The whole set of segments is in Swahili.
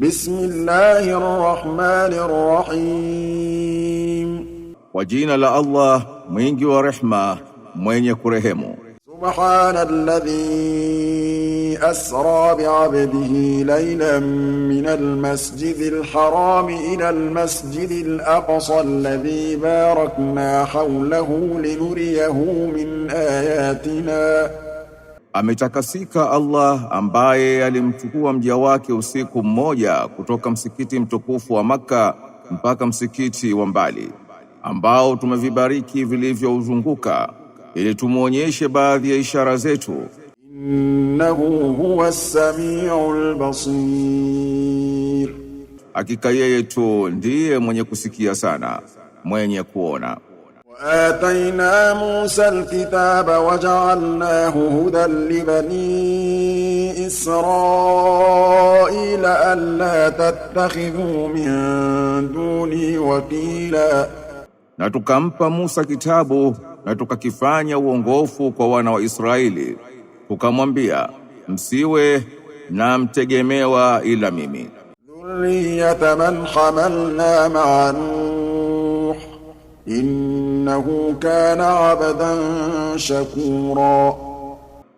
بسم الله الرحمن الرحيم وجينا لالله مينجي ورحمة مين يكرهمو سبحان الذي أسرى بعبده ليلا من المسجد الحرام إلى المسجد الأقصى الذي باركنا حوله لنريه من آياتنا Ametakasika Allah ambaye alimchukua mja wake usiku mmoja kutoka msikiti mtukufu wa Makka mpaka msikiti wa mbali ambao tumevibariki vilivyouzunguka ili tumwonyeshe baadhi ya ishara zetu. Innahu huwa samiul basir, hakika yeye tu ndiye mwenye kusikia sana mwenye kuona. وآتينا موسى الكتاب وجعلناه هدى لبني إسرائيل ألا تتخذوا من دوني وكيلا na tukampa Musa kitabu na tukakifanya uongofu kwa wana wa Israeli tukamwambia msiwe na mtegemewa ila mimi dhurriyatan man hamalna ma'an innahu kana abadan shakura,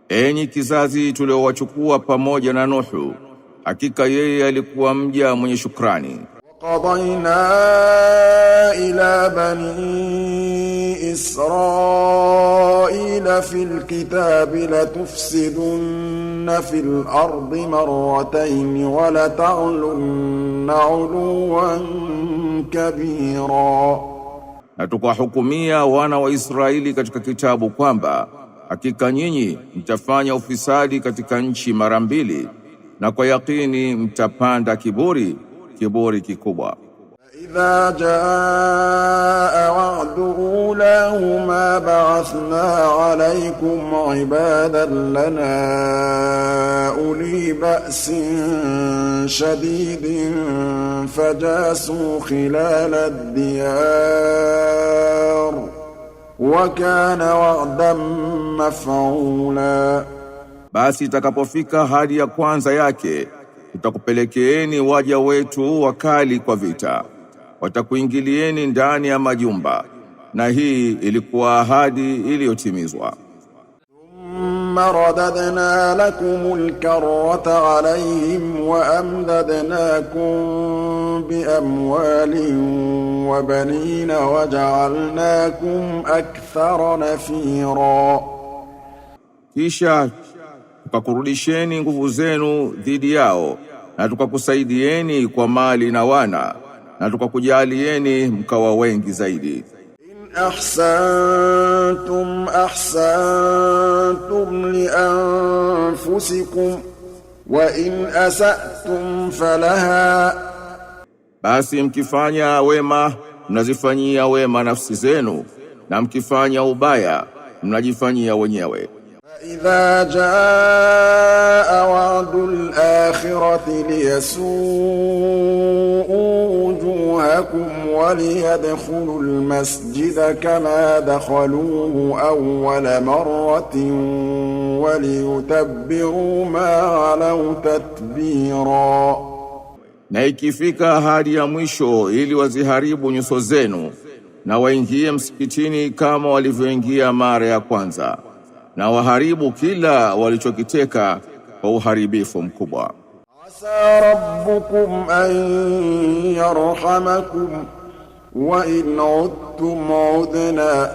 enyi kizazi tuliowachukua pamoja na Nuhu, hakika yeye alikuwa mja mwenye shukrani. Qadayna ila bani israila fil kitabi latufsidunna fil ardi marratayn wa ta'lunna 'uluwan kabira na tukawahukumia wana wa Israeli katika kitabu kwamba hakika nyinyi mtafanya ufisadi katika nchi mara mbili, na kwa yakini mtapanda kiburi, kiburi kikubwa. إِذَا جَاءَ وَعْدُ أُولَاهُمَا بَعَثْنَا عَلَيْكُمْ عِبَادًا لَّنَا أُولِي بَأْسٍ شَدِيدٍ فَجَاسُوا خِلَالَ الدِّيَارِ ۚ وَكَانَ وَعْدًا مَّفْعُولًا بس itakapofika هاديا كوانزا ياكي yake, tutakupelekeeni waja wetu wakali watakuingilieni ndani ya majumba, na hii ilikuwa ahadi iliyotimizwa. Thumma radadna lakumul karrata alayhim wa amdadnakum bi amwalin wa banin wa ja'alnakum akthara nafira, kisha tukakurudisheni nguvu zenu dhidi yao na tukakusaidieni kwa mali na wana na tukakujalieni mkawa wengi zaidi. In ahsantum ahsantum li anfusikum wa in asatum falaha, basi mkifanya wema mnazifanyia wema nafsi zenu na mkifanya ubaya mnajifanyia wenyewe. إذا جاء وعد الآخرة ليسوءوا وجوهكم وليدخلوا المسجد كما دخلوه أول مرة وليتبروا ما علوا تتبيرا na ikifika hali ya mwisho ili waziharibu nyuso zenu na waingie msikitini kama walivyoingia mara ya kwanza na waharibu kila walichokiteka kwa uharibifu mkubwa. Asa rabbukum an yarhamakum wa in udtum udna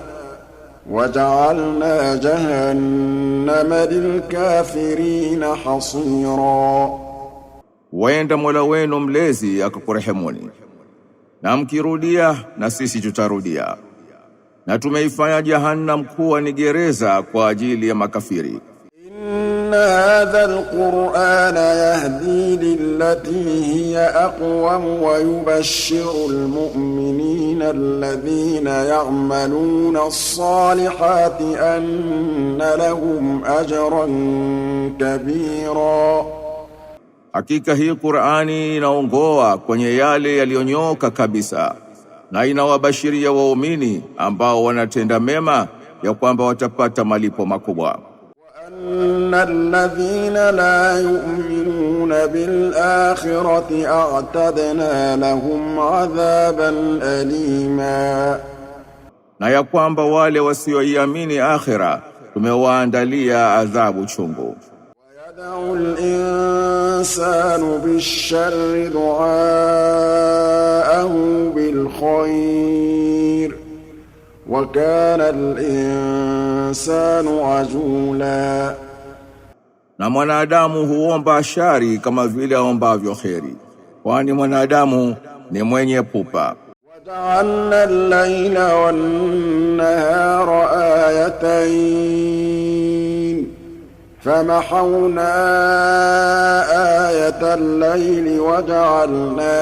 wa ja'alna jahannama lilkafirina hasira, waenda Mola wenu mlezi akakurehemuni, na mkirudia na sisi tutarudia na tumeifanya jahannam kuwa ni gereza kwa ajili ya makafiri. Inna hadha alqur'ana yahdi lillati hiya aqwam wa yubashshiru almu'minina alladhina ya'maluna as-salihati anna lahum ajran kabira, hakika hii Qur'ani inaongoa kwenye yale yaliyonyoka kabisa na inawabashiria waumini ambao wanatenda mema ya kwamba watapata malipo makubwa. Anna alladhina la yu'minuna bil akhirati a'tadna lahum adhaban alima, na ya kwamba wale wasioiamini akhira tumewaandalia adhabu chungu. الإنسان بالشر دعاءه بالخير وكان الإنسان عجولا na mwanadamu huomba shari kama vile aombavyo kheri, kwani mwanadamu ni mwenye pupa. wajaalna al-laila wan-nahara ayatayn فمحونا آية الليل وجعلنا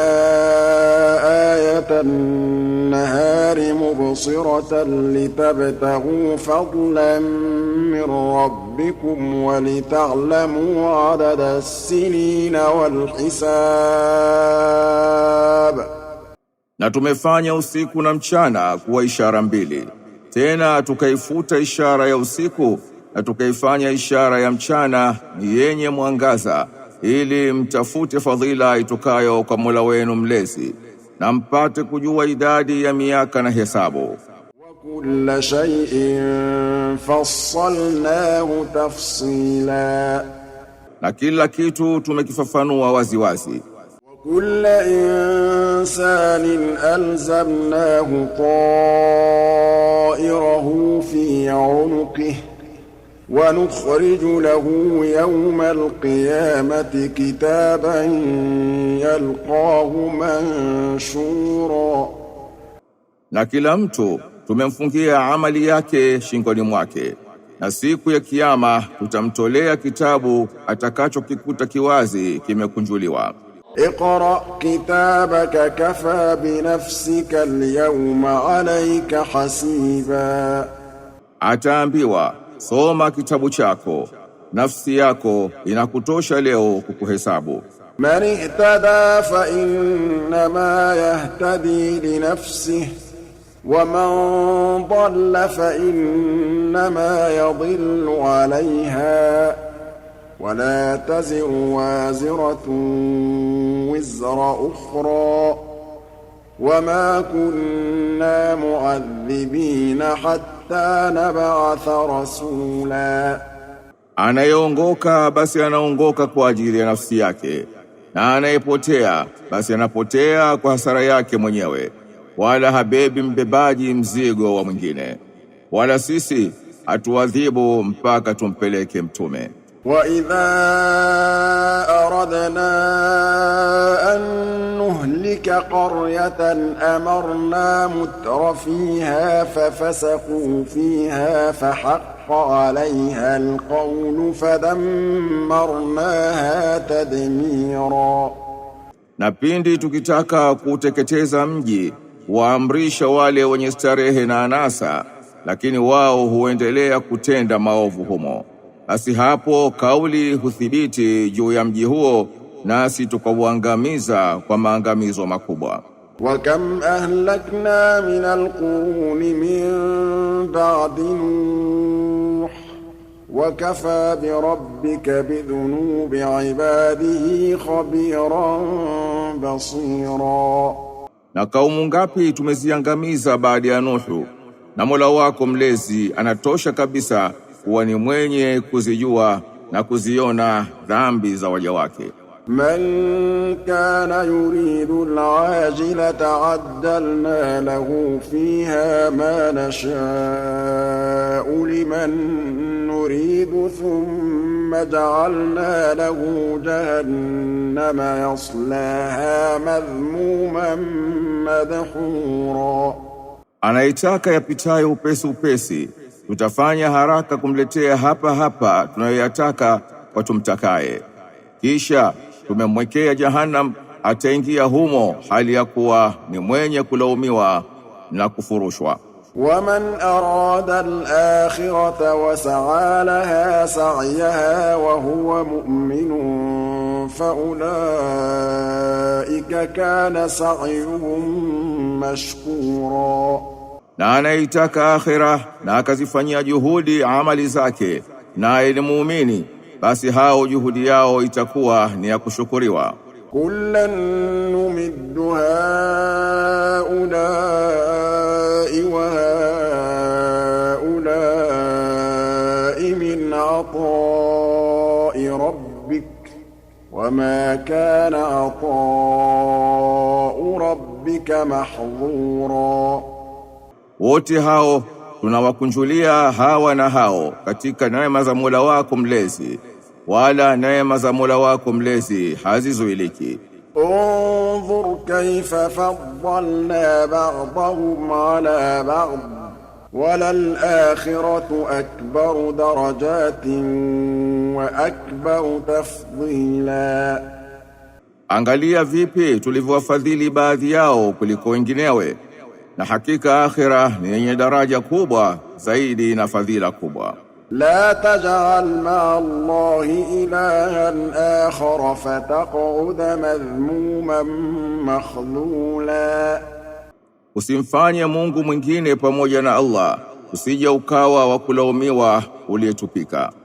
آية النهار مبصرة لتبتغوا فضلا من ربكم ولتعلموا عدد السنين والحساب na tumefanya usiku na mchana kuwa ishara mbili, tena tukaifuta ishara ya usiku na tukaifanya ishara ya mchana yenye mwangaza ili mtafute fadhila itokayo kwa Mola wenu mlezi na mpate kujua idadi ya miaka na hesabu. wa kulla shay'in fassalnahu tafsila, na kila kitu tumekifafanua waziwazi. wa kulla insanin alzamnahu ta'irahu fi 'unuqihi ونخرج له يوم القيامة كتابا يلقاه منشورا na kila mtu tumemfungia amali yake shingoni mwake na siku ya kiyama tutamtolea kitabu atakachokikuta kiwazi kimekunjuliwa Iqra kitabaka kafa binafsika alyawma alayka hasiba ataambiwa soma kitabu chako, nafsi yako inakutosha leo kukuhesabu. Man ihtada fa innama yahtadi li nafsihi wa man dalla fa innama yadhillu alayha ولا تزر وازرة وزر أخرى وما kunna mu'adhibina حتى hatta nab'atha rasula, anayeongoka basi anaongoka kwa ajili ya nafsi yake, na anayepotea basi anapotea kwa hasara yake mwenyewe, wala habebi mbebaji mzigo wa mwingine, wala sisi hatuadhibu mpaka tumpeleke mtume wa idha أردنا أن نهلك قرية أمرنا متر فيها ففسقوا فيها فحق عليها القول فدمرناها تدميرا na pindi tukitaka kuteketeza mji waamrisha wale wenye starehe na anasa lakini wao huendelea kutenda maovu humo basi hapo kauli huthibiti juu ya mji huo, nasi tukauangamiza kwa maangamizo makubwa. wa kam ahlakna min alquruni min ba'di nuh wa kafa bi rabbika dhunubi ibadihi khabiran basira, na kaumu ngapi tumeziangamiza baada ya Nuhu, na Mola wako mlezi anatosha kabisa kuwa ni mwenye kuzijua na kuziona dhambi za waja wake. Man kana yuridu al-ajilata addalna lahu fiha ma nasha'u liman nuridu thumma ja'alna lahu jahannama yaslaha madhmuman madhura, anaitaka yapitayo upesi upesi tutafanya haraka kumletea hapa hapa tunayoyataka kwa tumtakaye, kisha tumemwekea Jahannam, ataingia humo hali ya kuwa ni mwenye kulaumiwa na kufurushwa. waman arada al-akhirata wa sa'a laha sa'yaha wa huwa mu'minun fa ulaika kana sa'yuhum mashkura na anaitaka akhira na akazifanyia juhudi amali zake naye ni muumini, basi hao juhudi yao itakuwa ni ya kushukuriwa. kullan numiddu haulai wa haulai min atai rabbik wama kana atai rabbika mahdhura wote hao tunawakunjulia hawa na hao katika neema za Mola wako mlezi, wala neema za Mola wako mlezi hazizuiliki. Unzur kaifa faddalna ba'dahum ala ba'd walal akhiratu akbaru darajatin wa akbaru tafdila, angalia vipi tulivyowafadhili baadhi yao kuliko wenginewe na hakika akhira ni yenye daraja kubwa zaidi na fadhila kubwa. la tajal maa Allahi ilahan akhar fataq'uda madhmuman makhlula, usimfanye Mungu mwingine pamoja na Allah, usije ukawa wa kulaumiwa uliyetupika.